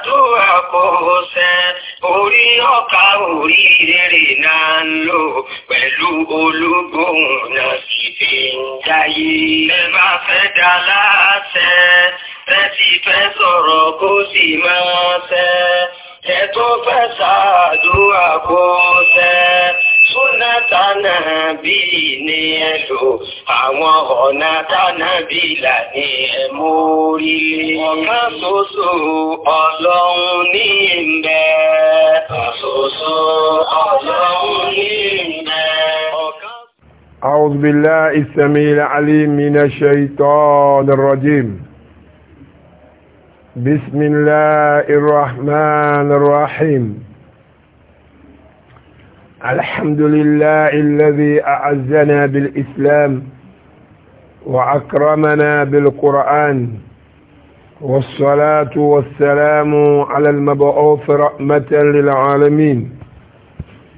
àdúrà kò ṣẹ orí ọ̀ka orí rere náà ń lò pẹ̀lú olúgbòhùn náà sì fi ń jáyé. ẹ bá fẹ́ dá láṣẹ ẹ sì fẹ́ sọ̀rọ̀ kó sì máa ṣẹ ẹ tó fẹ́ ṣàdúrà kó ṣẹ súnátà náà bí ní ẹ lò. àwọn ọ̀nà tánàbí ẹ̀mú ṣoṣo ọlọ́run ní أعوذ بالله السميع العليم من الشيطان الرجيم بسم الله الرحمن الرحيم الحمد لله الذي أعزنا بالإسلام وأكرمنا بالقرآن والصلاة والسلام على المبعوث رحمة للعالمين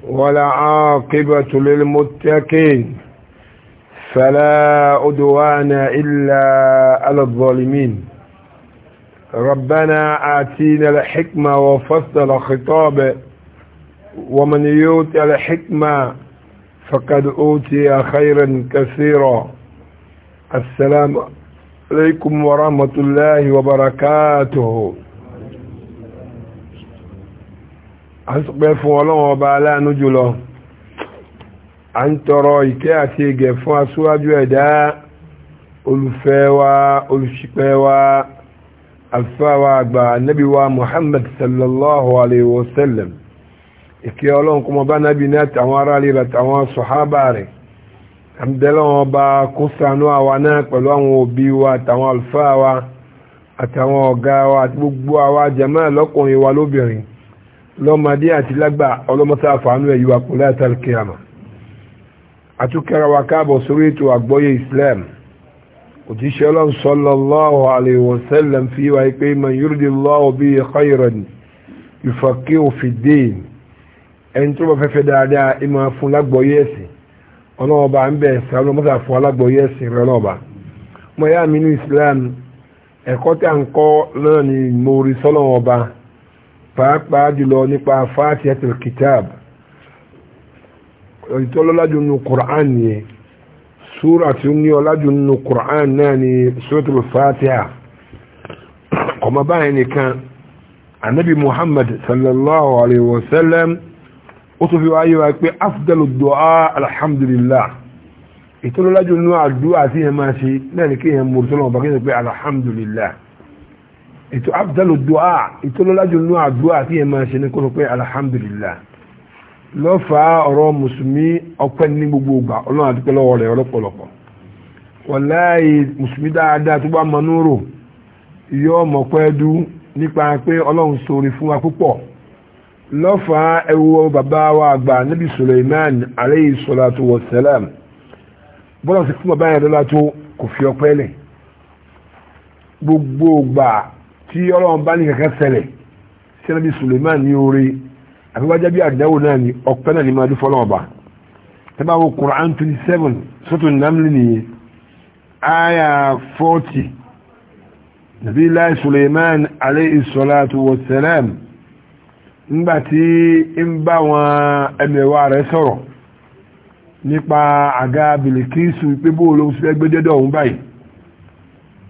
والعاقبة للمتقين فلا أدوان إلا على الظالمين ربنا آتينا الحكمة وفصل خطابه ومن يؤتى الحكمة فقد أوتي خيرا كثيرا السلام عليكم ورحمة الله وبركاته أسقف فولون وبالا نجلو أن ترى إكاتي جفوا سواجو إداء olùfẹ́wà olùṣìpẹ̀wà alfáwà àgbà nabiwa muhammad sallallahu alaihi wasallam ìkẹ́ ọlọ́nkọmọba nabi ní àtàwọn aráàlú àtàwọn sọ̀hábà rẹ̀ àbẹ̀lẹ̀ wọn bá kó ṣàánú àwa náà pẹ̀lú àwọn òbí wa àtàwọn àlùfáà wa àtàwọn ọ̀gá wa àti gbogbo àwa jàmáà lọ́kùnrin wa lóbìnrin lọ́mọdé àti lágbà ọlọ́mọsá àfàánú ẹ̀yí wa kò láti alkiyama àtúkẹ́ra wa káàbọ̀ sórí ètò àgbọ́yé Islam òjíṣẹ́ ọlọ́run sallallahu alayhi wa sallam fi wá pé man yuridillahu bihi khayran yufaqihu fid din ẹni tó ọlọ́wọ́ bá ń bẹ̀ ẹ̀sìn ọlọ́mọ́sà fún alágbọ̀ọ́yé ẹ̀sìn rẹ̀ ọlọ́ọ̀bà mọ ẹ̀yà mi ní Islam ẹ̀kọ́ tí a ń kọ́ náà ni mo rí sọ́lọ́wọ́ ọba pàápàá jùlọ nípa fatihatul kitab ìtọ́lọ́lájú nínú Qur'an yẹn súra tí ó ní ọlájú nínú Qur'an náà ni suratul fatiha kọ̀mọ́ báyìí nìkan anabi Muhammad sallallahu alayhi wa sallam ó tó fi wáyé wa pé afdalu du'a alhamdulillah ìtọ́lọ́lájú nínú àdúrà tí yẹn máa ṣe náà ní kéèyàn mú sọ́lọ́ ọba kéèyàn pé alhamdulillah ètò afdalu du'a ìtọ́lọ́lájú nínú àdúrà tí yẹn máa ṣe ní kóso pé alhamdulillah lọ́fà ọ̀rọ̀ mùsùlùmí ọpẹ́ ní gbogbo ìgbà ọlọ́run àti pẹ́ lọ́wọ́ rẹ̀ ọlọ́pọ̀lọpọ̀ wàláyé mùsùlùmí dáadáa tó bá mọ núrò yọ ọmọ pẹ́ nípa pé ọlọ́run ṣoore fún wa púpọ̀ lọ́fà ẹwọ bàbá wa àgbà níbi Suleiman alayhi salatu wa salam bọ́lá sí fún bàbá yẹn lọ́la tó kò fi ọpẹ́ lẹ̀ gbogbo gbà tí ọlọ́run bá ní kẹ̀kẹ́ ṣẹlẹ̀ sí níbi Suleiman ní orí àfíwájá bí àdáwò náà ni ọpẹ́ náà ni máa dúfọ́ lọ́wọ́ bá tẹ́bá wo Quran twenty sọ́tò nàmlì nìyẹn aya forty nàbí láì Suleiman alayhi salatu nígbàtí ń bá wọn ẹmẹ̀wà rẹ̀ sọ̀rọ̀ nípa àga bìlìkísù pé bó ló ń fẹ́ gbẹ́jẹ́dọ̀ òun báyìí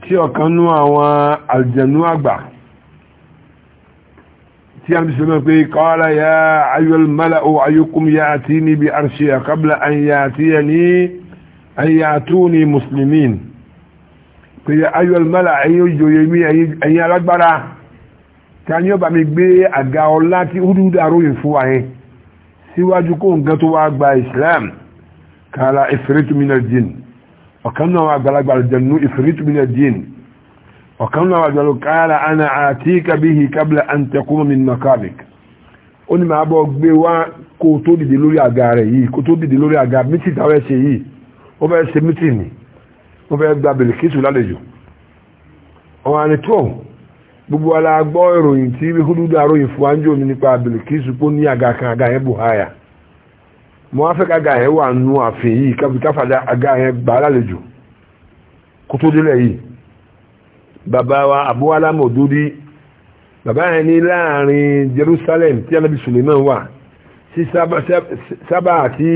tí ọ̀kan nú àwọn àlùjànnú àgbà tí a ń sọ pé qala ya ayyul mala'u ayyukum ya'tini bi arshiha qabla an ya'tiyani an ya'tuni muslimin pé ya ayyul mala'u ẹ̀yin òjòyè mi ẹ̀yin alágbára ta ni ó bá mi gbé àga ọlá tí húdúdú aróyìn fún wa yẹn síwájú kó nǹkan tó wá gba islam kala ifiritu minal jin ọ̀kan náà wà gbalagbà aljannu ifiritu minal jin ọ̀kan náà wà gbalagbà kala ana atika bihi kabla an takuma min makabik ó ní máa bọ́ gbé wá kó tó dìde lórí àga rẹ̀ yìí kó tó dìde lórí àga mítì táwọn ẹ̀ṣẹ̀ yìí ó fẹ́ ṣe mítì ni ó fẹ́ gba bèlè kí sùn lálejò gbogbo ala gbọ́ ìròyìn tí húdúdú aróyìn fún wájú omi nípa Bìlíkísù pé ó ní àga kan àga yẹn buhaya mo wá fẹ́ ká àga yẹn wà nù ààfin yìí káfí àga yẹn gbà lálejò kó tó délẹ̀ yìí bàbá wa abúwálá mọ̀dúdí bàbá yẹn ní láàrin Jerusalem tí anabi Suleiman wà sí sábà àti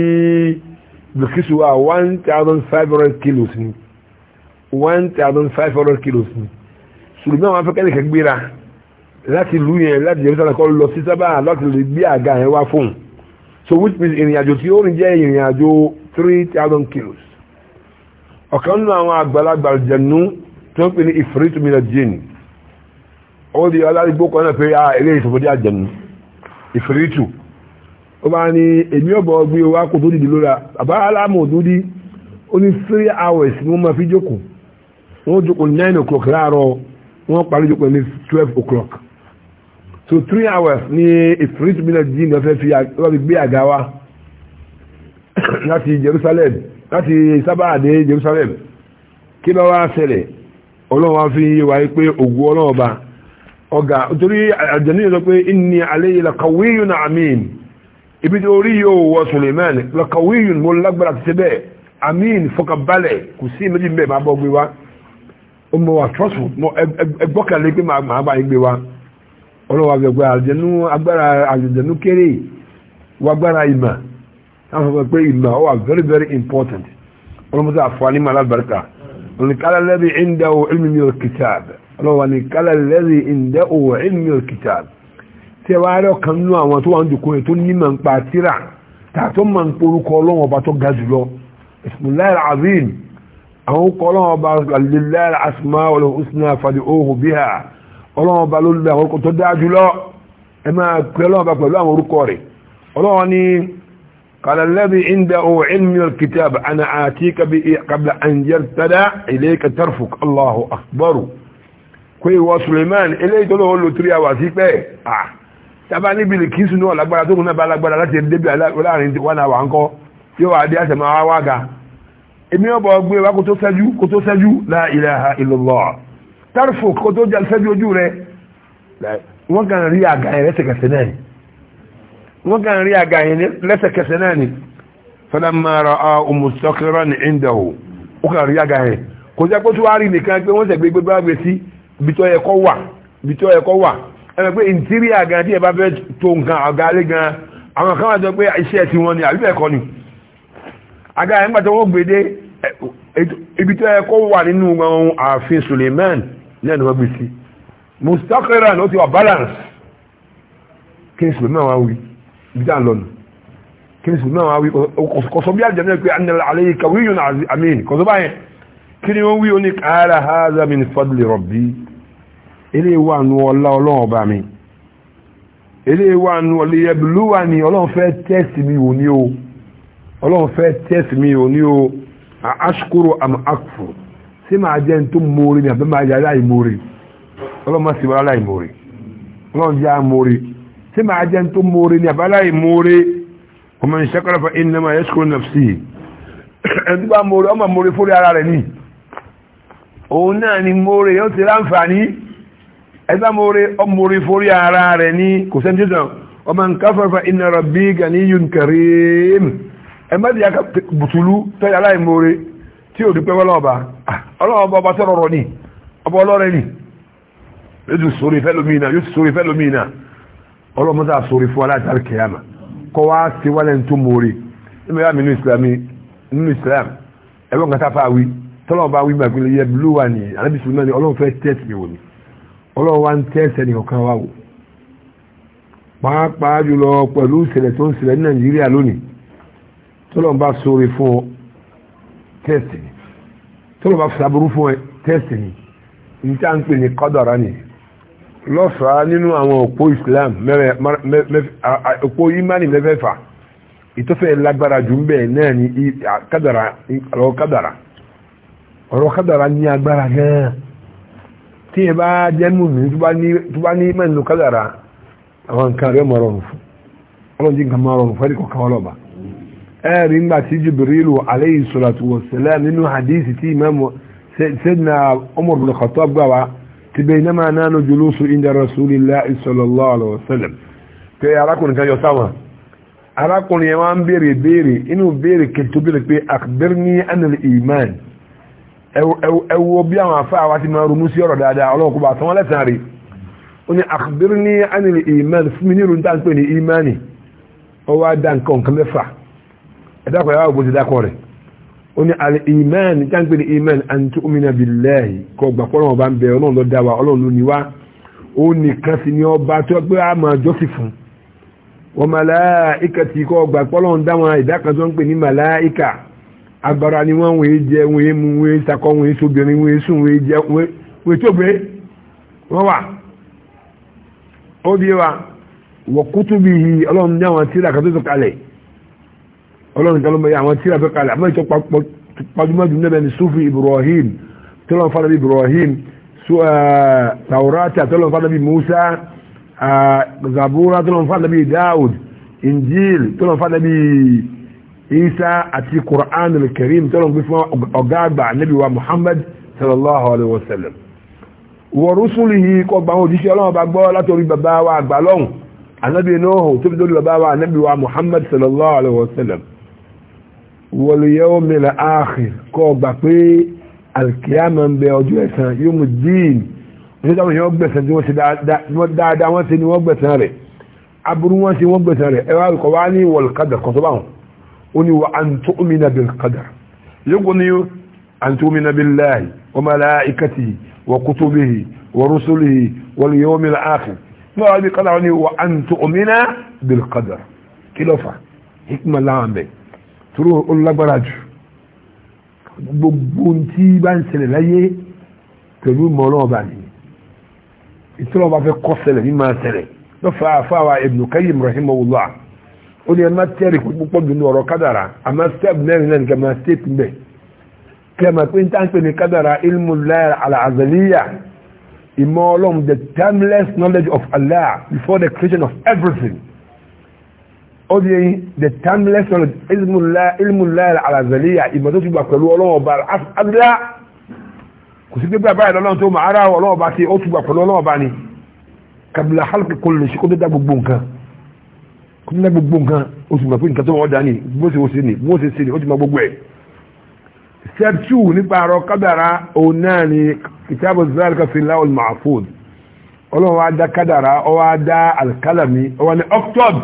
Bìlíkísù wà one thousand five hundred kilos ni one thousand five hundred kilos ni ṣùgbọ́n àwọn afẹ́kẹ́ nìkan gbéra láti ìlú yẹn láti Jerusalem kọ́ lọ sí sábà láti lè gbé àga yẹn wá fún un so which means ìrìn àjò tí ó rìn jẹ́ ìrìn àjò three thousand kilos ọ̀kan nínú àwọn àgbàlagbà jẹ̀nu tí wọ́n pè ní ìfìrìtìmìlẹ̀ jíìnì ó di aládìgbò kan náà pé a eré ìsọfọdí àjẹ̀nu ìfìrìtù ó bá ní èmi ọ̀bọ̀ gbé wa kò tó dìde lóra àbá alámù tó dí ó ní three hours ni wọ́n máa fi jókòó wọ́n jókòó nine o'clock láàárọ̀ wọ́n parí jù pẹ̀lú twelve o'clock so three hours ní ìfúrísì minute jí ní ọ̀fẹ́ fi gbé àga wa láti Jerusalem láti sábà dé Jerusalem kí bá wá ṣẹlẹ̀ ọlọ́run wá fi yé wa pé ògùn ọlọ́run ọba ọ̀gá nítorí àjẹ́nú yẹn sọ pé inni alayhi lakawiyun amin ibi tí orí yóò wọ Suleiman lakawiyun mo lágbára ti ṣe bẹ́ẹ̀ amin fọkànbalẹ̀ kò sí méjì bẹ́ẹ̀ máa bọ́ gbé wa mo wà trọ́sù mo ẹgbọ́kànlé pé màá bá yín gbé wa ọlọ́wà gbẹ̀gbẹ̀ àjẹnú agbára àjẹnú kéré wọ agbára ìmà láwọn sọ pé ìmà ó wà very very important ọlọ́mọdé àfọwání màá lábàríkà oníkálá lẹ́bi ìndẹ́ o ilmi al-kitab ọlọ́wà ní kálá lẹ́bi ìndẹ́ o ilmi al-kitab tí ẹ wá rẹ ọkàn nínú àwọn tó wà ń dùkú tó ní mà ń pa tíra tààtọ́ mà ń porúkọ ọlọ́wọ́ bá tó ga jùlọ àwọn kọ́ ọlọ́wọ́ bá lèlẹ́ àsìmá wọlé òsìnà àfàdé ohùn bí ha ọlọ́wọ́ bá ló lè àwọn orúkọ tó dáa jùlọ ẹ máa pè ọlọ́wọ́ bá pẹ̀lú àwọn orúkọ rẹ̀ ọlọ́wọ́ ni kàlẹ́lẹ́bí inda o ilmi kitab ana àti kabi kabla an yar tada ilé ka tarfuk allahu akbaru kò ìwọ suleiman ilé ìtọ́lọ́ olo tiri àwà sí èmi ọ̀bọ̀ ọgbẹ́ wa kò tó sẹ́jú kò tó sẹ́jú la ilaha illallah tarifu kò tó jà sẹ́jú ojú rẹ̀ wọ́n kàn rí àga yẹn lẹ́sẹ̀kẹsẹ̀ náà ni wọ́n kàn rí àga yẹn lẹ́sẹ̀kẹsẹ̀ náà ni falamma ra'ahu mustaqiran indahu ó kàn rí àga yẹn kò jẹ́ kó tó wá rí nìkan pé wọ́n sẹ̀gbẹ́ gbégbá gbé sí bitọ́ ẹ̀kọ́ wà bitọ́ ẹ̀kọ́ wà ẹ̀rọ pé interior gan tí ẹ bá fẹ́ tó nǹkan àga lé gan àwọn kan wà sọ pé iṣẹ́ tiwọn ni àbí bẹ́ẹ̀ kọ́ ni agbára nígbà tí wọ́n gbèdé ibi tí ẹ kó wà nínú ohun um, ààfin Suleiman náà ni wọ́n sí mustaqiran ó ti wà balance kí ni Suleiman wá wí ibi tí à ń lọ́nu kí ni Suleiman wá wí kọ̀sọ́ bí àjẹ́ náà pé àlẹ́ ìkàwé yìí náà àmín kọ̀sọ́ báyẹn kí ni wọ́n wí ó ní qala hadha min fadli rabbi ilé wa nu ọlá ọlọ́run ọba mi ilé wa nu ọlẹ́yẹbìlúwa ni ọlọ́run fẹ́ tẹ́sì mi wò ní o ọlọ́run fẹ́ tẹ́sí mi ò ní o ashkuru am akfur sí máa jẹ́ tó mórí ní àbẹ́ máa jẹ́ aláìmórí ọlọ́run máa sì wá aláìmórí ọlọ́run jẹ́ amórí sí máa jẹ́ tó mórí ní àbẹ́ aláìmórí wa man shakara fa innama yashkuru nafsihi ẹni tó bá mórí ọmọ mórí fórí ara rẹ̀ ní òun náà ni mórí yóò ti láǹfààní ẹni bá mórí ọmọrí fórí ara rẹ̀ ní kò sẹ́ni tó sàn wa man kafara fa inna ganiyun karim ẹ̀mẹ́dì yà butulu tẹ́lẹ̀ aláìmoore tí ò dúpẹ́ wọ́lọ́ọ̀bá ọlọ́ọ̀bá ọba tẹ́rọrọ ah, ní ọba ọlọ́rẹ́ ní yóò sórí fẹ́lómìnà yóò sórí fẹ́lómìnà ọlọ́mọdá sórí fún aláàtàrí kẹyàmà kọ́ wá sí wálẹ̀ tó moore nínú yàmì nínú ìsìlámì nínú ìsìlám ẹ̀wọ́n kan táfà wí tọ́lọ́ọ̀bá wí gbàgbé yẹ blu wà ní alábìsùn náà ni ọlọ́run fẹ́ tẹ́ẹ̀sì mi wò ní ọlọ́run wá ń tẹ́ẹ̀sì ẹnì kọ̀ọ̀kan wá wò tọ́lọ́n bá sórí fún ọ tẹ́sì ni tọ́lọ́n bá fìlàbúrú fún ẹ tẹ́sì ni ní tá à ń pè ní kádàrá ni lọ́fàá nínú àwọn òpó Islam òpó imani mẹ́fẹ̀ẹ̀fà ìtọ́fẹ́ lágbára jù ń bẹ̀ náà ni kádàrá ọ̀rọ̀ kádàrá ọ̀rọ̀ kádàrá ní agbára gan-an tí ẹ bá jẹ́ mùmí tó bá ní mẹ́nu kádàrá àwọn nǹkan rẹ̀ mọ̀ rọrùn fún ọlọ́dún nǹkan mọ̀ rọrùn fún ẹ̀rí kọ̀ọ̀kan ọlọ́ba ẹ̀rí ńgbà tí jibrilu aleyhi salatu wa salam nínú hadisi tí imaamu sayyidina umar bin khattab gbà wá ti baynama nanu julusu inda rasulillahi sallallahu alaihi wa sallam pé arákùnrin kan yọ sáwọn arákùnrin yẹn wá ń béèrè béèrè inú béèrè kìtó béèrè pé akhbirni anil iman ẹwọ bí àwọn afẹ́ àwa ti máa ronú sí ọ̀rọ̀ dáadáa ọlọ́ọ̀kú bá sanwó lẹ́sàn rí ó ní akhbirni anil iman fún mi ní ìròyìn tá ní imani ó wá nǹkan kan mẹ́fà ẹ̀dàkọ̀ yàrá òbòsí dákọ̀ rẹ̀ ó ní al-iman jáǹpé ní iman an tu'mina billahi kọ gbà pọ́nà ọba ń bẹ ọlọ́run ló dá wa ọlọ́run ló ní wá ó nìkan sí ní ọba tó pé a máa jọ́sìn fún wa malaikati kọ gbà pọ́nà ń dá wọn ìdá kan tó ń pè ní malaika agbára ni wọ́n wọ́n jẹ wọ́n mu wọ́n sakọ wọ́n sobìnrin wọ́n sùn wọ́n jẹ wọ́n tóbi wọ́n wà ó bí wa wa kutubihi ọlọ́run ní àwọn tíra kan tó tó kalẹ̀ ọlọ́run ìjọba mọ̀ àwọn tíra fẹ́ kalẹ̀ àmọ́ ìjọba pàjùmọ́jù níbẹ̀ ni sufi ibrahim tọ́lọ́n fàdà bí ibrahim eh, taurata tọ́lọ́n fàdà bí musa eh, zabura tọ́lọ́n fàdà bí daud injil tọ́lọ́n fàdà bí isa àti quran al-karim tọ́lọ́n gbé fún ọ̀gá àgbà nabi wa muhammad sallallahu alaihi wa sallam wọ̀rúsùlìhì kọ gba àwọn òjíṣẹ́ ọlọ́run bá gbọ́ látorí bàbá wa àgbà lọ́hùn anábì nóhùn tó fi dórí bàbá wa muhammad sallallahu alaihi wa sallam wọlùyẹ́wò mẹ́lẹ̀ ààrẹ kọ́ gbà pé alkiyama ń bẹ ọjọ́ ẹ̀san yóò mú díìn oníṣẹ́ àwọn èèyàn gbẹ̀san tí wọ́n ṣe dáadáa wọ́n ṣe ni wọ́n gbẹ̀san rẹ̀ aburú wọ́n ṣe wọ́n gbẹ̀san rẹ̀ ẹwà kọ̀ wá ní wọ̀l kadà kọ̀ tó bá wọn ó wọ́n bí kadà wọn ní kí ló fà hikma láwọn bẹ́ẹ̀ tóró olágbára jù gbogbo tí bá ń ṣẹlẹ̀ láyé pẹ̀lú mọ́lọ́ ọba ni ìtura ọba fẹ́ kọ́ ṣẹlẹ̀ ní máa ṣẹlẹ̀ lọ́fà àfáwà Ibn Qayyim rahimahullah ó ní ẹ má tẹ́rì púpọ̀ jù ní ọ̀rọ̀ kádàrà àmọ́ step mẹ́rin náà nìkan máa step mbẹ́ kẹmà pé ń tán pé ní kádàrà ilmu láyà àlàzàlíyà ìmọ̀ ọlọ́run the timeless knowledge of Allah before the creation of everything ó di yẹn the timeless knowledge ilmùláyà alàzàlíyà ìmọ̀ tó ti gbà pẹ̀lú ọlọ́wọ́ bá abdulá kò sí pé bí abáyé lọ́lọ́run tó máa ara ọlọ́wọ́ bá ti ó ti gbà pẹ̀lú ọlọ́wọ́ bá ni kabila halki kò lè ṣe kó tó dá gbogbo nǹkan kó tó dá gbogbo nǹkan ó ti mọ̀ pé nǹkan tó wọ́n dá ni bó ṣe ṣe ni bó ṣe ṣe ni ó ti gbogbo ẹ̀. step two nípa àrọ kádàrá òun náà ni kìtàbù zalika fi láwùl mahfud ọlọ́wọ́ á dá kádàrá ọwọ́ á dá alkalami ọwọ́ ni october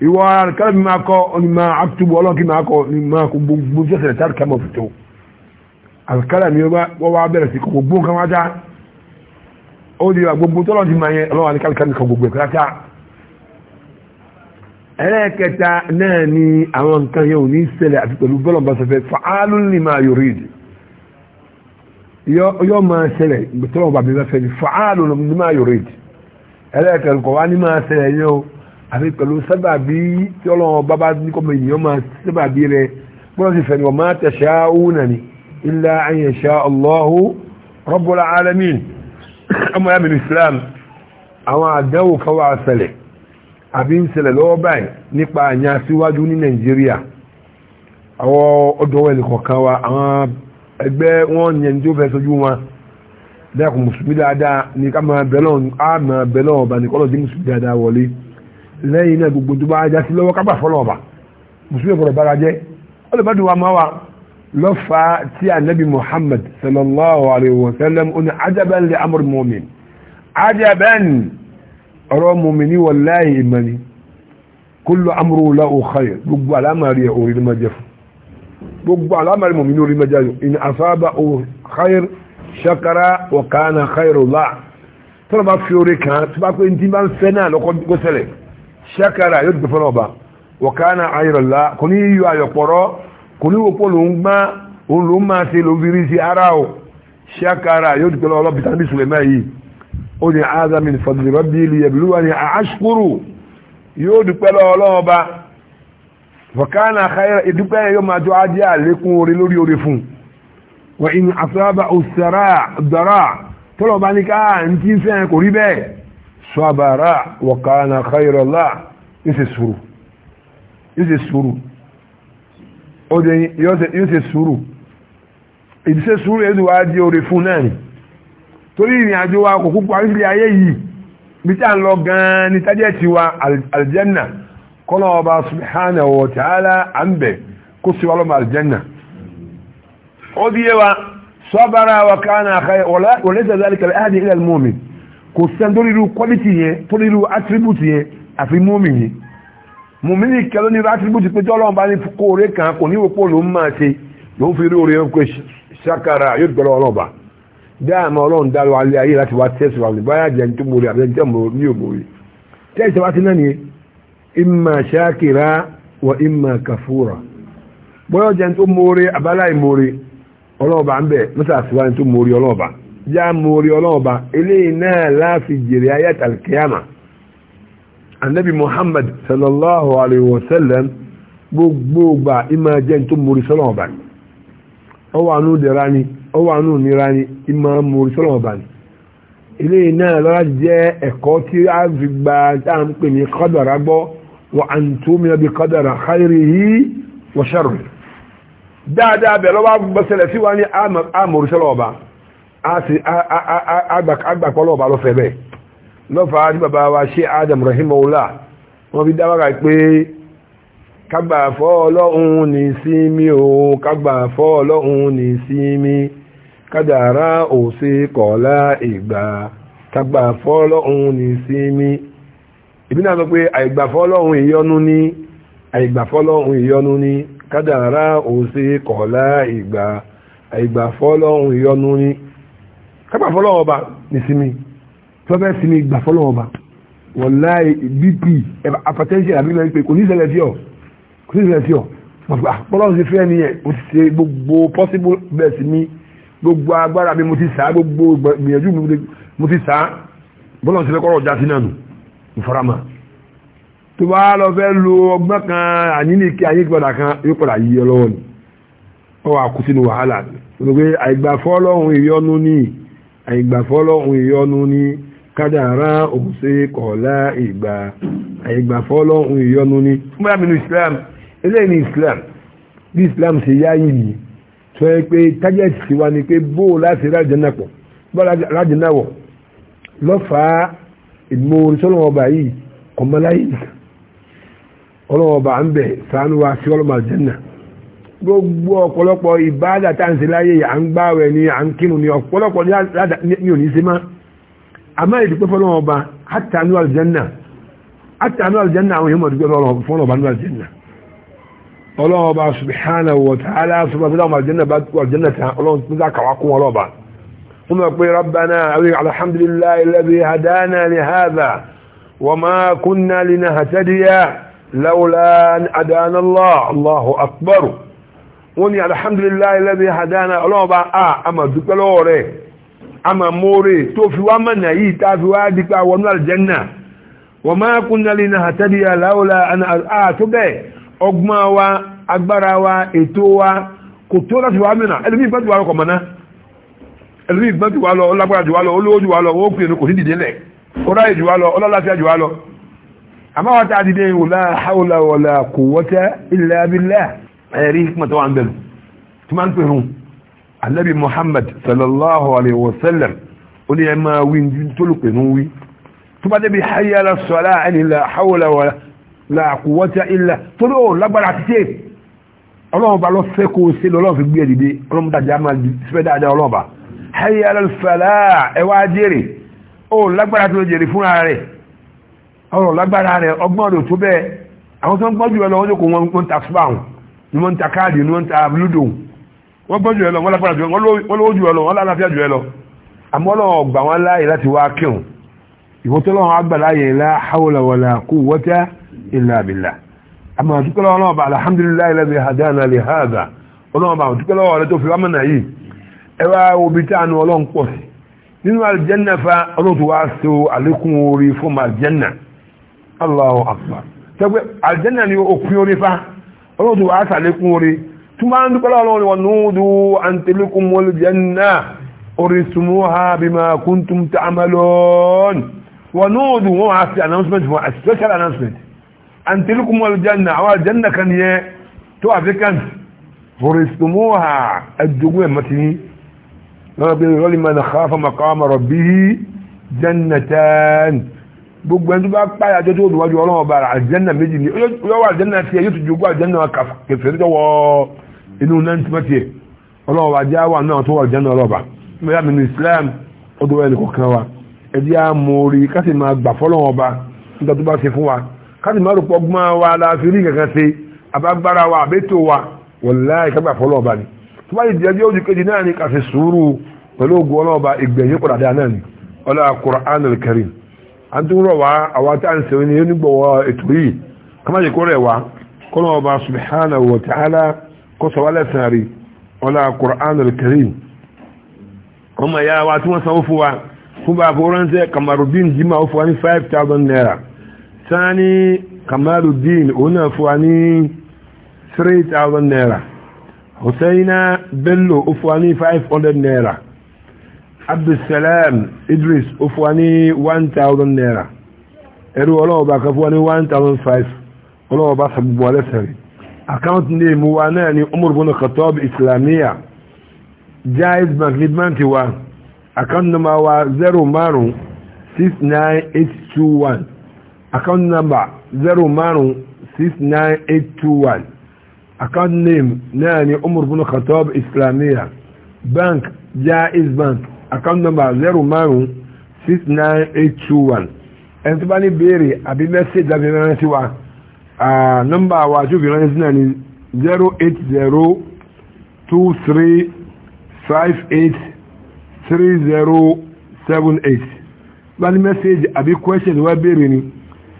ìwọ ara kálí mi máa kọ ọni máa akutubu ọlọ́ọ̀kì máa kọ ni máa kọ gbogbo tí ọ̀sẹ̀ tàbí kẹ́mọ̀ fìtó àkàlà mi wọ́n wá bẹ̀rẹ̀ sí kọ gbogbo nǹkan wá já ó di gbogbo tọ́lọ̀ ti máa yẹ ọlọ́wà ní kálí kọ gbogbo ẹ̀kọ́ já ẹlẹ́ẹ̀kẹta náà ni àwọn nǹkan yẹn ò ní ṣẹlẹ̀ àti pẹ̀lú bọ́lọ̀ bá sọfẹ́ fàálù ní àti pẹ̀lú sábàbí tí ọlọ́run bá bá ní kọ́mọ ènìyàn máa sábàbí rẹ gbọ́dọ̀ sì fẹ̀yìn ọ̀ma tẹ̀sà òun ní ilá àyẹ̀sà ọlọ́hu rọ́bùlà alamin ọmọ yàmi islam àwọn àdánwò kan wà ṣẹlẹ̀ àbí ń ṣẹlẹ̀ lọ́wọ́ báyìí nípa àyàn síwájú ní nàìjíríà àwọn ọdọ̀ wẹ̀lì kọ̀ọ̀kan wa àwọn ẹgbẹ́ wọn yẹn lẹ́yìn náà gbogbo tó bá ajá sí lọ́wọ́ kápá fọlọ́ ọba mùsùlùmí ọ̀pọ̀lọ̀ bára jẹ́ ọlọ́bàdùn wa máa wà lọ́fà tí anabi muhammad sallallahu alayhi wa sallam ọ̀nà ajaban lè amúr mọ́min ajaban ọ̀rọ̀ mọ́mìnì wàláyé ìmọ̀ni kúlọ̀ amúrú la ò xayẹ̀ gbogbo alámàrí ẹ̀ orí ma jẹ́ fún gbogbo alámàrí mọ́mìnì orí ma jẹ́ fún ìní asábà ò xayẹ̀ ṣakara wà kánà xayẹ̀ bá fi orí kan tó bá pé ntí bá ń fẹ́ náà lọ́kọ́ gbọ́sẹ̀lẹ̀ ṣẹ́kara yóò dùn fọ́lọ́ọ̀bá wọ̀kánà ayọ̀lá kò ní yíyọ ayọ̀pọ̀rọ́ kò ní wòpó lòún gbá òun lòún máa ṣe lòún fi rí sí ara o ṣẹ́kara yóò dùn fọ́lọ́ọ̀bá bìtà ní sùlẹ̀mẹ́ yìí ó ní azamin fọ̀dùrọ̀ bí ilé ẹ̀bìlúwà ní àṣkúrù yóò dùpẹ́ lọ́ọ̀lọ́ọ̀ba wọ̀kánà ìdúpẹ́ yóò máa tó ajé àlékún orí lórí orí fún wọ́n in صبر وكان خير الله يسسرو يسسرو ode yóò sùúrù ìdíṣẹ́ sùúrù ẹ̀dùn wá di orí fún náà ni torí ìrìn àjò wa kò kúkú àríṣìlẹ̀ ayé yìí bí tá ń lọ gan-an ní tájẹ́ ti wa aljanna kọ́nà ọba subhanahu wa ta'ala à kó sí wa lọ́mọ aljanna ó di yé wa sabara wa kana khayra wa laysa dhalika li ahadin illa kò sẹ́ni tó nílùú quality yẹn tó ihe attribute yẹn àfi mọ́mì yìí mọ̀mí ní kẹlọ́ nílùú attribute pé tọ́lọ́run bá ní kóore kan kò ní òpó ló ń máa ṣe ló fi rí oore ẹ̀kọ́ ṣakara yóò gbọ́dọ̀ ọlọ́ba ọlọ́run ayé láti wá wa báyà jẹ́ tó mọ̀ ní wa ti náà nìyẹn kàfúrà bọ́yọ̀ jẹ́ tó já mórí ọlọ́ọ̀ba eléyìí náà láàfi jèrè ayé alkiyama anabi muhammad sallallahu alayhi wa sallam gbogbo gba ima jẹ́ tó mórí sọ́lọ́ọ̀ba ni ó wà nù dẹ̀ra ni ó wà nù nira ni ima mórí sọ́lọ́ọ̀ba ni eléyìí náà lọ́la jẹ́ ẹ̀kọ́ tí a fi gba tá à ń pè ní kọ́dàrà gbọ́ wa an tu'mina bi kọ́dàrà khairihi wa sharrihi dáadáa bẹ̀rẹ̀ wá gbọ́sẹ̀lẹ̀ sí wa ní àmórí agbàpọ̀lọ̀ ọba lọ́fẹ́ bẹ́ẹ̀ lọ́fà ní bàbá wa ṣe adam rahimahullah wọ́n fi dáwàrà pé kágbà fọ́ ọlọ́run ní sí mi o kágbà fọ́ ọlọ́run ní sí mi kádàrá ò sí kọ̀ọ̀lá ìgbà kágbà fọ́ ọlọ́run ní sí mi ìbí náà sọ pé àìgbà fọ́ ọlọ́run ìyọnu ní àìgbà fọ́ ọlọ́run ìyọnu ní kádàrá ò sí kọ̀ọ̀lá ìgbà àìgbà fọ́ ọlọ́run ìyọnu ní kápá fọlọ́wọ́ ọba nísìmí tí wọ́n fẹ́ sinmi gbà fọlọ́wọ́ ọba wọláyé bp apatẹ́ńṣẹ́ àbí lọ́yìn pé kò ní ìṣẹ̀lẹ̀ sí ọ kò ní ìṣẹ̀lẹ̀ sí ọ fọlọ́wọ́ ah, sí fẹ́ nìyẹn mo ti ṣe gbogbo possible bẹ́ẹ̀ sí mi gbogbo agbára mi mo ti sá gbogbo gbìyànjú mi mo ti sá bọ́lá ti fẹ́ kọ́rọ̀ já sí náà nù ìfarama tó bá lọ fẹ́ lo ọgbọ́n kan àyíníkì àyípadà kan yóò padà yí ọ lọ́wọ́ ni ọ wà kú sínú wàhálà ni olùgbé àìgbàfọ́ ọlọ́run ìyọnu níyì àìgbàfọ́lọ́hun ìyọnu ní kádàrá òṣè kọ̀ọ̀lá ìgbà àìgbàfọ́lọ́hun ìyọnu ní fúnbàmínú Islam eléyìí ní Islam bí Islam ṣe yá yìí sọ yẹ pé tájẹ́tì sí wa ni pé bó láti rájẹ́nà pọ̀ bó rájẹ́nà wọ̀ lọ́fàá ìmòrì sọ́lọ́mọba yìí ọmọláyìí ọlọ́mọba ń bẹ̀ gbogbo ọ̀pọ̀lọpọ̀ ìbáàdà tá à ń ṣe láyé à ń gbààwẹ̀ ni à ń kírun ni ọ̀pọ̀lọpọ̀ ní òní sí máa àmọ́ ìdúpẹ́ fọ́lọ́wọ́ ọba àtàánú àlùjẹ́nà àtàánú àlùjẹ́nà àwọn èèyàn mọ̀dúpẹ́ fọ́lọ́wọ́ ọba ní àlùjẹ́nà ọlọ́wọ́ ọba subhanahu wa ta'ala subhanahu wa ta'ala àlùjẹ́nà tán ọlọ́wọ́ tó dáa kàwá kún ọlọ́ọ̀ba wọ́n mọ̀ pé rabbana awi alhamdulillahi alladhi hadana li hadha wọ́n ni alhamdulillahi lẹ́bí hadana ọlọ́ọ̀bá a àmà dúpẹ́ lọ́wọ́ rẹ̀ àmà mọ́ọ̀rẹ̀ tó fi wá mọ̀nà yìí tá fi wá dípa wọnú aljanna wa ma kunna linahtadiya lawla àna àtó bẹ́ẹ̀ ọgbọ́n wa agbára wa ètò wa kò tó láti wá mìíràn ẹlòmí ìbá ẹ̀rí hikmata wa ń bẹ̀rù tí máa ń pè rún anabi muhammad sallallahu alayhi wa sallam ó ní ẹ máa wí ní tó ló pè rún wí tó bá débi hayya ala sọ́lá ẹni la hawla wa la quwwata illa torí ó lágbára àti tèè ọlọ́run bá lọ fẹ́ kó o ṣe lọ́lọ́run fi gbé ẹ̀ dìde ọlọ́run dàjà máa fẹ́ dáadáa ọlọ́run bá hayya ala ẹ wá jèrè ó lágbára tó jèrè fúnra rẹ̀ ọ̀rọ̀ lágbára rẹ̀ ọgbọ́n rẹ̀ tó bẹ́ẹ̀ àwọn tó ń gbọ́jú ẹ lọ wọ́n jókòó wọn ń ta fúbà wọn ni wọ́n ń ta káàdì ni wọ́n ń ta lúdò wọ́n gbọ́ jù ẹ lọ wọ́n lágbára jù ẹ wọ́n lówó jù ẹ lọ wọ́n lálàáfíà jù ẹ lọ àmọ́ lọ́wọ́ gbà wọ́n láàyè láti wá kírun ìwọ́tọ́ lọ́wọ́ àgbà láàyè la hawla wala quwwata illa billah àmọ́ àdúgbò lọ́wọ́ náà bá alhamdulillahi alladhi hadana li hadha ọlọ́wọ́ bá àdúgbò lọ́wọ́ rẹ tó fi wámọ̀ náà yìí ẹ wá obi tá àánú ọlọ́run ọlọ́dù wà sàlékún orí tó máa ń dúpẹ́ lọ́wọ́ wọn núdú àntẹ́lẹ́kún mọ́lùjẹ́nà orísùmúhà bima kuntum ta'malun wọn núdú wọn wà sí announcement wọn a special announcement àntẹ́lẹ́kún mọ́lùjẹ́nà àwọn àjẹ́nà kan yẹ tó africans orísùmúhà ẹjọ́gún ẹ̀ mọ́tí lọ́wọ́ bí rọ́lì mọ́ gbogbo ẹni tó bá páyà tó tó wọ́n ọlọ́wọ́ bá rà àjẹ́nà méjì ní yọ́wọ́ àjẹ́nà tiẹ̀ yóò tó jogún àjẹ́nà kẹfẹ́ tó wọ́ inú náà tiẹ̀ ọlọ́wọ́ bá já wà náà tó wọ́ àjẹ́nà ọlọ́ba mẹ́ta mi ní Islam ó tó wẹ́n kọ̀ọ̀kan wa ẹdí á mú orí káṣí máa gbà fọ́lọ́wọ́ bá nígbà tó bá ṣe fún wa káṣí máa rúpọ̀ gbọ́n wa la fi rí kankan ṣe àbágbára wa àbẹ́tò wa wọ̀láì kágbà fọ́lọ́wọ́ ni tó bá yìí jẹ́ ojú ni kàṣe sùúrù pẹ̀lú ògùn ọlọ́wọ́ bá ìgbẹ̀yìn padà ni ọlọ́wọ́ Qur'an al a tún rọ̀ wá àwọn tí a ń sẹ́wọ́n ní onígbọ̀wọ́ ètò yìí kọ́má jẹ́ kó rẹ̀ wá kọ́nà ọba subhanahu wa ta'ala kó sọ wá lẹ́sàn rí ọlá Qur'anul Karim ọmọ ìyá wa tí wọ́n sanwó fún wa fún bá kó ránṣẹ́ Kamarudin jimá ó fún wa ní five thousand naira sani Kamarudin òun náà fún wa ní three thousand naira Husaina Bello ó fún wa five hundred naira abdulsalam idris ó fún wa ní one thousand naira ẹrú ọlọ́ọ̀bá kan fún wa ní one thousand five ọlọ́ọ̀bá sàbùbù alẹ́sẹ̀rẹ̀ àkáǹtì ní ìmú wa náà ní umar bin khattab islamiyya jaiz bank ní báńkì wa àkáǹtì nọ́mbà wa zero márùn six nine eight two one àkáǹtì nọ́mbà zero márùn six nine eight two one àkáǹtì name náà ní umar bin khattab islamiyya bank jaiz bank account number zero márùn six nine eight two one ẹni tó bá ní béèrè àbí message láti ránṣẹ́ sí wa nọ́mbà wa tó fi ránṣẹ́ sí náà ni zero eight zero two three five eight three zero seven eight bá ní message àbí question tó wá béèrè ni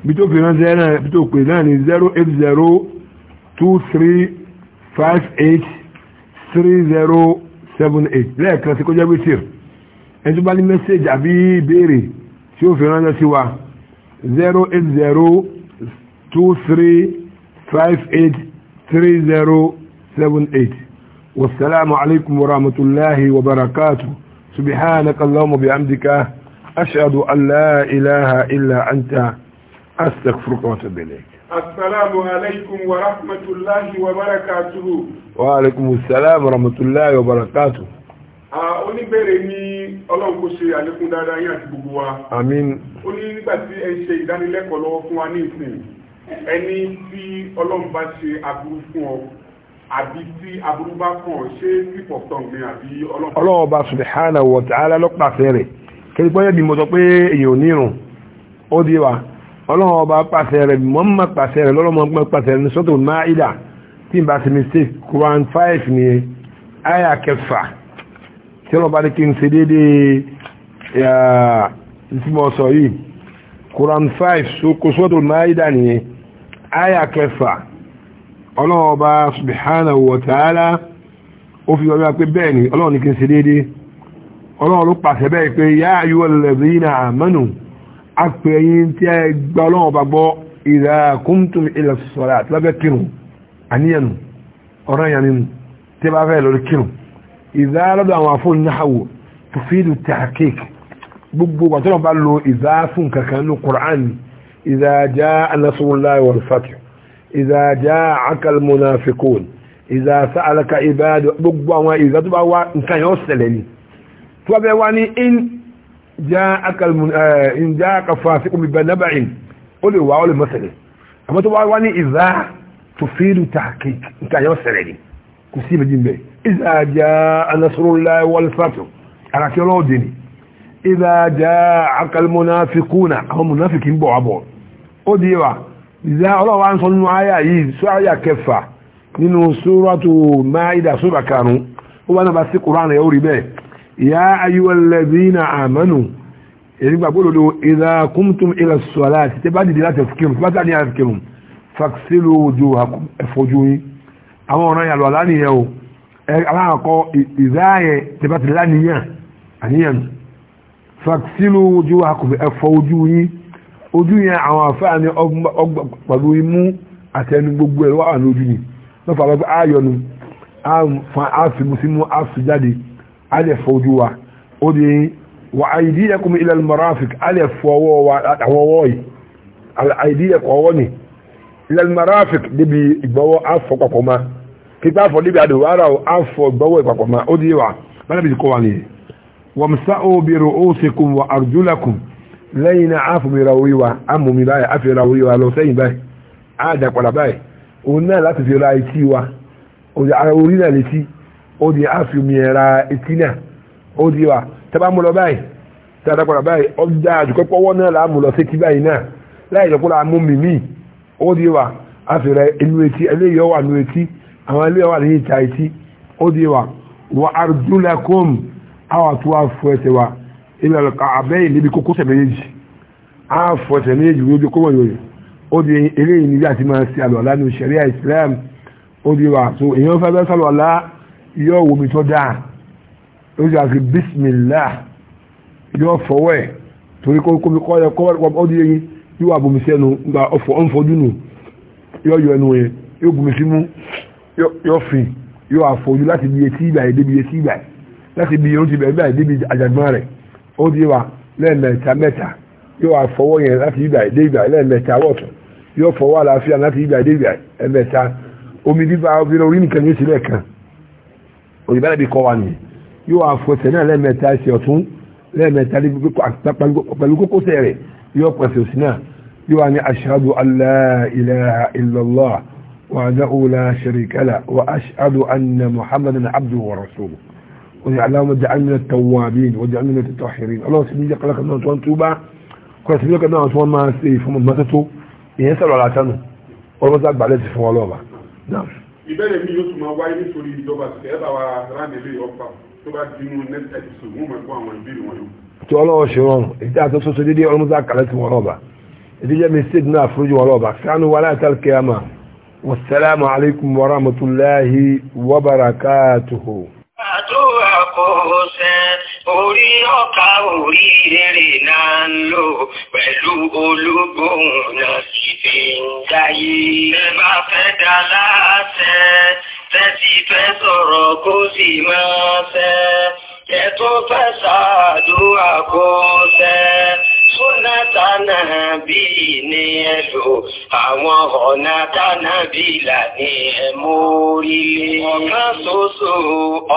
bí tó fi ránṣẹ́ náà bí tó pè náà ni zero eight zero two three five eight three zero seven eight lẹ́ẹ̀kan sí kó jẹ́ wítìrì. ẹni tó bá ní mẹ́sẹ̀gì àbí ìbéèrè tí ó fi ránṣẹ́ sí wa zero eight zero two three five eight three zero seven eight wasalaamu alaykum wa rahmatulahi wa barakatu subhanaka allahumma bihamdika ashhadu an la ilaha illa anta astaghfiruka wa atubu ilayk السلام عليكم ورحمة الله وبركاته وعليكم السلام ورحمة الله وبركاته oníbẹ̀rẹ̀ ní ọlọ́run kó ṣe àlékún dáadáa yín àti gbogbo wa àmín ó ní nígbà tí ẹ ṣe ìdánilẹ́kọ̀ọ́ lọ́wọ́ fún wa ní ìsìn ẹni tí ọlọ́run bá ṣe aburú fún ọ àbí tí aburú bá kàn ọ ṣé pípọ̀ tán ni àbí ọlọ́run. ọlọ́run ọba subhanahu wa ta'ala lọ́pàṣẹ rẹ̀ kiri pọ́yẹ́ bí mo sọ pé èèyàn ò nírun ó di wa ọlọ́run ọba pàṣẹ rẹ̀ mọ́ mọ́ pàṣẹ rẹ̀ lọ́lọ́mọ́ pàṣẹ rẹ̀ ní sọ́tò máa ìdà tí n bá ṣe mistake Quran five ni aya kẹfà tí wọ́n bá ní kí n ṣe dédé tí mo sọ yìí Quran 5 kò sọ́tò náírà nìyẹn aya kẹfà ọlọ́run ọba subhanahu wa ta'ala ó fi ọlọ́run pé bẹ́ẹ̀ ni ọlọ́run ní kí n ṣe dédé ọlọ́run ló pàṣẹ bẹ́ẹ̀ pé yá ayúwọ́ lẹ́bìnà àmọ́nù apẹ̀yìn tí ẹ gba ọlọ́run ọba gbọ́ ìrà kúntùm ilẹ̀ sọ̀rọ̀ àti lábẹ́ kírun àníyànù ọ̀rọ̀ ìyànnì tí ẹ bá fẹ́ lórí kírun إذا لدى وعفو النحو تفيد التحقيق gbogbo gbàtọ́nà bá lo ìdá fún kankan ní ƙùrán ìdá já anasúnláì wal fatih ìdá já akal munafikun ìdá sa'alaka ibadu gbogbo àwọn ìdá tó bá wá nǹkan yóò ṣẹlẹ̀ ni tó bá bẹ́ wá ní in já akal in já kafa sí omi bẹ naba'in إذا جاء نصر الله والفتح على كيلو ديني إذا جاءك المنافقون هم منافقين بعبون أديوا إذا الله عن صنع آية سعية كفة من سورة مائدة سورة كانوا وأنا بس القرآن يوري به يا أيها الذين آمنوا يعني بقول له إذا قمتم إلى الصلاة تبادي لا تفكروا تبادي لا تفكروا فاغسلوا وجوهكم افوجوني أما أنا يا الولاني يوم aláàkọ́ ìzáyẹ tẹ́bàtì láníyàn àníyàn fàksílù ojú akùnfẹ́ ẹ̀fọ́ ojú yín ojú yẹn àwọn àfáà ní pẹ̀lú imú àtẹnu gbogbo ẹ̀rọ àwọn ojú ni lọ́fà lọ́pẹ́ ayọ̀nu àfimúsímú àfijáde alẹ́fọ́ ojú wa ó di wà àìdíyẹkùn ilẹ̀ marafik alẹ́fọ́ ọwọ́ wa àwọ̀wọ́ yìí àìdíyẹkùn ọwọ́ ni kíkọ́ àfọ̀ níbi àdó ara àfọ̀ gbọ́wọ́ ìpapọ̀ máa ó di wà lábìsí kó wà nìyẹn wọ́n sá obìnrin ó ṣe kún wọ àrùjúlẹ̀kùn lẹ́yìn náà àfòmìra wa báyìí wa lọ sẹ́yìn báyìí àdàpàdà báyìí òun náà láti fi ra etí wa òdì ara orí náà létí òdì àfìmìra etí náà ó di wa tábà báyìí ọjà náà là á sétí báyìí náà láì ó di wa etí ẹlẹ́yọ̀ wà etí àwọn ilé wà ní ìta ìtí ó di wa wà arjulakum àwọn tó wà fún ẹsẹ̀ wa ilẹ̀ ọ̀lọ́kọ̀ àbẹ́yìn níbi kókó sẹ̀ méjèèjì á fọ ẹsẹ̀ méjèèjì lójú kó wọ̀nyí ó di eléyìí níbi àti máa ṣe àlọ́lá ní ṣẹ̀ríà Islam ó di wa so èèyàn fẹ́ bẹ́ sàlọ́lá yóò wo mi tó dáa ó di àti bismillah yóò fọwọ́ ẹ̀ torí kó kó mi kọ́ ẹ kọ́ ó di eyín yóò wà bomi sẹ́nu gba ọ̀fọ̀ ọ̀nfọ̀dúnù yóò yọ ẹnu yẹn yóò bomi sí mú yóò fin yóò àfojú láti bi etí ibà yìí débi etí ibà yìí láti bi irun ti bẹ̀rẹ̀ ibà yìí débi àjàgbọ́n rẹ̀ ó di wa lẹ́ẹ̀mẹta mẹ́ta yóò àfọwọ́ yẹn láti ibà yìí débi ibà yìí lẹ́ẹ̀mẹta wọ̀tún yóò fọwọ́ àlàáfíà láti ibà yìí débi ibà yìí ẹ̀mẹta omi bíbá obìnrin orí nìkan ní ìsìlẹ̀ kan òyìnbá nàbí kọ́ wa nìyí yóò àfọ̀tẹ̀ náà lẹ́ẹ̀mẹta ẹsẹ̀ ọ̀tún lẹ́ẹ̀mẹta pẹ̀lú kókósẹ̀ rẹ̀ yóò pẹ̀sẹ̀ òsì náà yóò wá ní ashhadu an la ilaha illallah وأنه لا شريك له وأشهد أن محمدا عبده ورسوله ونعلم اجعل من التوابين واجعل من التطهرين الله سبحانه يقول لك أنه أنتم توبة كل سبحانه يقول أنه أنتم ما سيف وما تتو يسأل على تنو ورمز أكبر عليه سيف والله نعم ìbẹ̀rẹ̀ mi yóò tún máa wáyé nítorí ìjọba ṣẹ̀ ẹ́ bá wa ránilé ọ̀pá tó bá dínú next episode wọ́n máa gbọ́ àwọn ìbéèrè wọn yóò. tí ọlọ́wọ́ ṣe rọrùn èyí tí a tó sọ́sọ́ déédéé ọlọ́mọdé àkàlẹ́ tí wọ́n rọ̀ bá èdè jẹ́ mi ṣèdínà àforíjì wọn rọ̀ bá kánú wa láì tàlùkẹ́ àmà والسلام عليكم ورحمة الله وبركاته orí ọ̀ka orí eré náà ń lò pẹ̀lú ológun náà sì fi ń dáyé. ẹ bá fẹ́ dá láàṣẹ tẹ́tí fẹ́ sọ̀rọ̀ kó sì máa ṣẹ ẹ tó fẹ́ ṣàdúrà kó ṣẹ ọ̀nà tánàbí ni ẹ lò àwọn ọ̀nà tánàbí là ní ẹ mórílé. ọ̀kan ṣoṣo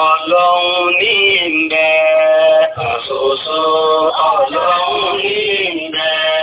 ọlọ́run ní ń bẹ. ọ̀kan ṣoṣo ọlọ́run ní ń